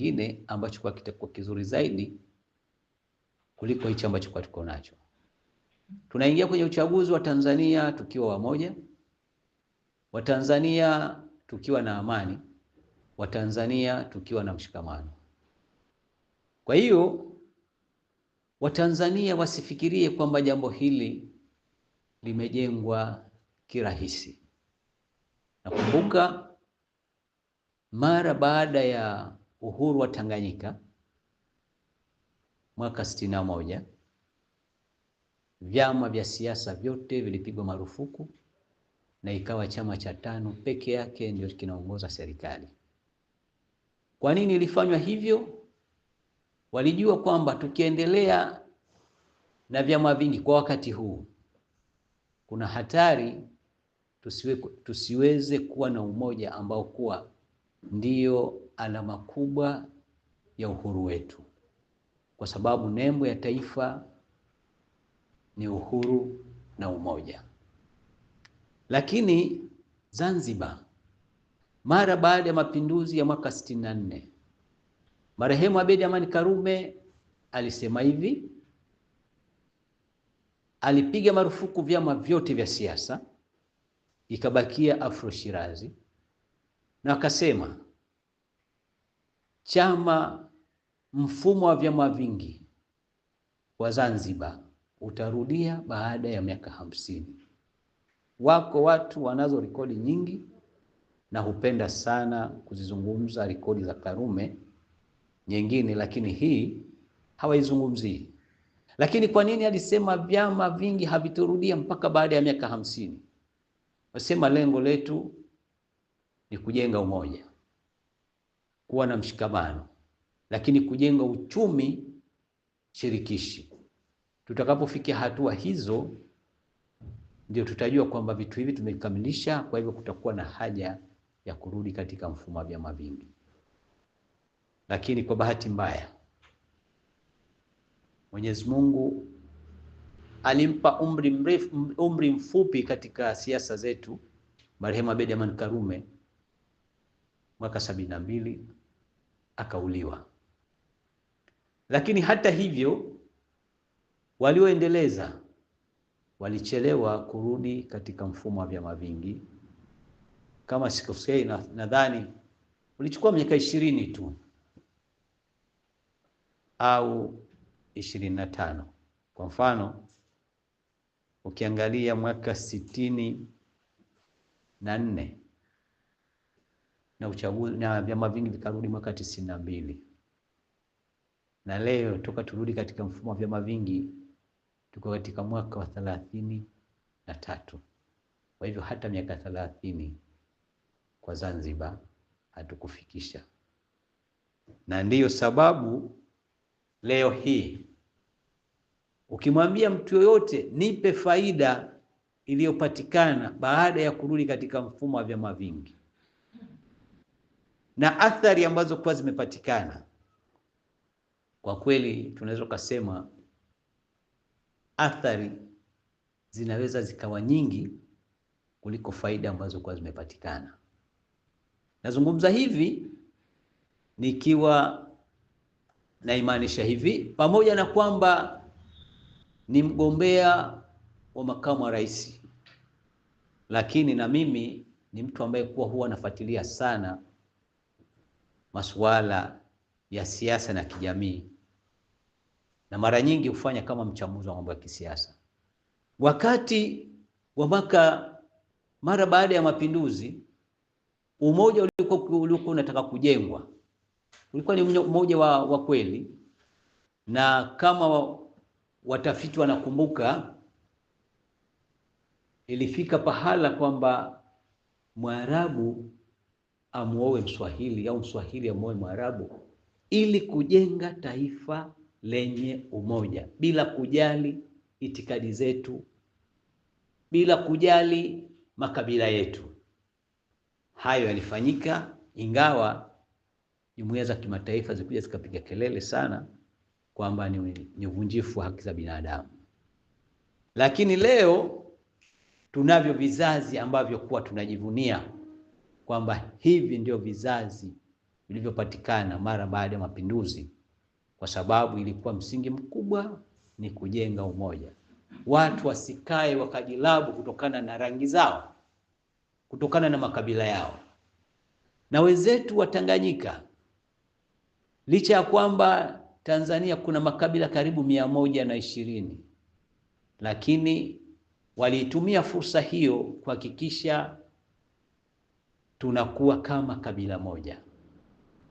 kingine ambacho kwa kitakuwa kizuri zaidi kuliko hichi ambacho kwa tuko nacho. Tunaingia kwenye uchaguzi wa Tanzania tukiwa wamoja, Watanzania tukiwa na amani, Watanzania tukiwa na mshikamano. Kwa hiyo Watanzania wasifikirie kwamba jambo hili limejengwa kirahisi. Nakumbuka mara baada ya uhuru wa Tanganyika mwaka sitini na moja vyama vya siasa vyote vilipigwa marufuku na ikawa chama cha tano peke yake ndio kinaongoza serikali. Kwa nini ilifanywa hivyo? Walijua kwamba tukiendelea na vyama vingi kwa wakati huu, kuna hatari tusiwe, tusiweze kuwa na umoja ambao kuwa ndio alama kubwa ya uhuru wetu, kwa sababu nembo ya taifa ni uhuru na umoja. Lakini Zanzibar, mara baada ya mapinduzi ya mwaka 64 marehemu Abedi Amani Karume alisema hivi, alipiga marufuku vyama vyote vya siasa, ikabakia Afro Shirazi na akasema chama mfumo wa vyama vingi wa Zanzibar utarudia baada ya miaka hamsini. Wako watu wanazo rekodi nyingi na hupenda sana kuzizungumza rekodi za Karume nyingine, lakini hii hawaizungumzii. Lakini kwa nini alisema vyama vingi havitorudia mpaka baada ya miaka hamsini? Wasema lengo letu ni kujenga umoja kuwa na mshikamano, lakini kujenga uchumi shirikishi. Tutakapofikia hatua hizo, ndio tutajua kwamba vitu hivi tumekamilisha. Kwa hivyo kutakuwa na haja ya kurudi katika mfumo wa vyama vingi, lakini kwa bahati mbaya Mwenyezi Mungu alimpa umri mrefu, umri mfupi katika siasa zetu marehemu Abedi Amani Karume mwaka sabini na mbili akauliwa. Lakini hata hivyo, walioendeleza walichelewa kurudi katika mfumo wa vyama vingi. Kama sikosei, nadhani ulichukua miaka ishirini tu au ishirini na tano. Kwa mfano ukiangalia mwaka sitini na nne na uchaguzi na vyama vingi vikarudi mwaka tisini na mbili na leo toka turudi katika mfumo wa vyama vingi tuko katika mwaka wa thelathini na tatu. Kwa hivyo hata miaka thelathini kwa Zanzibar hatukufikisha, na ndiyo sababu leo hii ukimwambia mtu yoyote nipe faida iliyopatikana baada ya kurudi katika mfumo wa vyama vingi na athari ambazo kwa zimepatikana, kwa kweli tunaweza kusema athari zinaweza zikawa nyingi kuliko faida ambazo kwa zimepatikana. Nazungumza hivi nikiwa naimaanisha hivi, pamoja na kwamba ni mgombea wa makamu wa rais, lakini na mimi ni mtu ambaye kuwa huwa nafuatilia sana masuala ya siasa na kijamii, na mara nyingi hufanya kama mchambuzi wa mambo ya kisiasa. Wakati wa mwaka mara baada ya mapinduzi, umoja ulikuwa ulikuwa unataka kujengwa ulikuwa ni umoja wa, wa kweli, na kama watafiti wanakumbuka, ilifika pahala kwamba Mwarabu amwoe Mswahili au Mswahili amwoe Mwarabu ili kujenga taifa lenye umoja bila kujali itikadi zetu, bila kujali makabila yetu. Hayo yalifanyika, ingawa jumuiya za kimataifa zikuja zikapiga kelele sana kwamba ni uvunjifu wa haki za binadamu. Lakini leo tunavyo vizazi ambavyo kuwa tunajivunia kwamba hivi ndio vizazi vilivyopatikana mara baada ya mapinduzi, kwa sababu ilikuwa msingi mkubwa ni kujenga umoja, watu wasikae wakajilabu kutokana na rangi zao, kutokana na makabila yao. Na wenzetu wa Tanganyika, licha ya kwamba Tanzania kuna makabila karibu mia moja na ishirini, lakini waliitumia fursa hiyo kuhakikisha tunakuwa kama kabila moja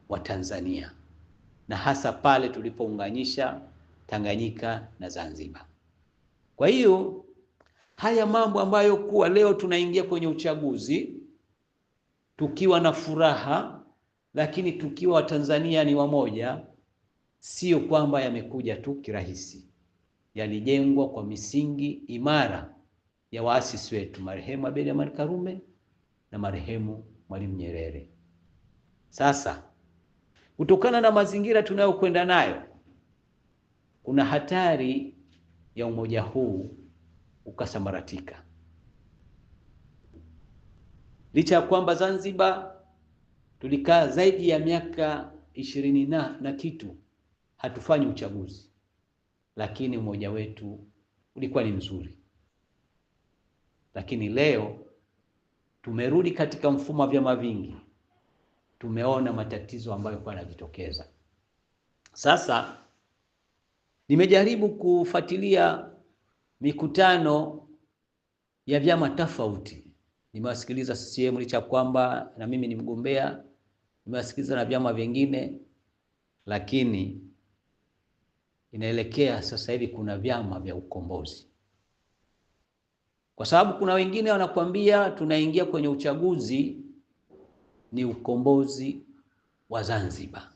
wa Tanzania, na hasa pale tulipounganisha Tanganyika na Zanzibar. Kwa hiyo haya mambo ambayo kuwa leo tunaingia kwenye uchaguzi tukiwa na furaha, lakini tukiwa Watanzania ni wamoja, sio kwamba yamekuja tu kirahisi, yalijengwa kwa misingi imara ya waasisi wetu marehemu Abeid Amani Karume na marehemu Mwalimu Nyerere. Sasa kutokana na mazingira tunayokwenda nayo, kuna hatari ya umoja huu ukasambaratika, licha ya kwamba Zanzibar tulikaa zaidi ya miaka ishirini na na kitu hatufanyi uchaguzi, lakini umoja wetu ulikuwa ni mzuri, lakini leo Tumerudi katika mfumo wa vyama vingi, tumeona matatizo ambayo kwa yanajitokeza sasa. Nimejaribu kufuatilia mikutano ya vyama tofauti, nimewasikiliza CCM licha kwamba na mimi ni mgombea, nimewasikiliza na vyama vingine, lakini inaelekea sasa hivi kuna vyama vya ukombozi. Kwa sababu kuna wengine wanakuambia tunaingia kwenye uchaguzi ni ukombozi wa Zanzibar.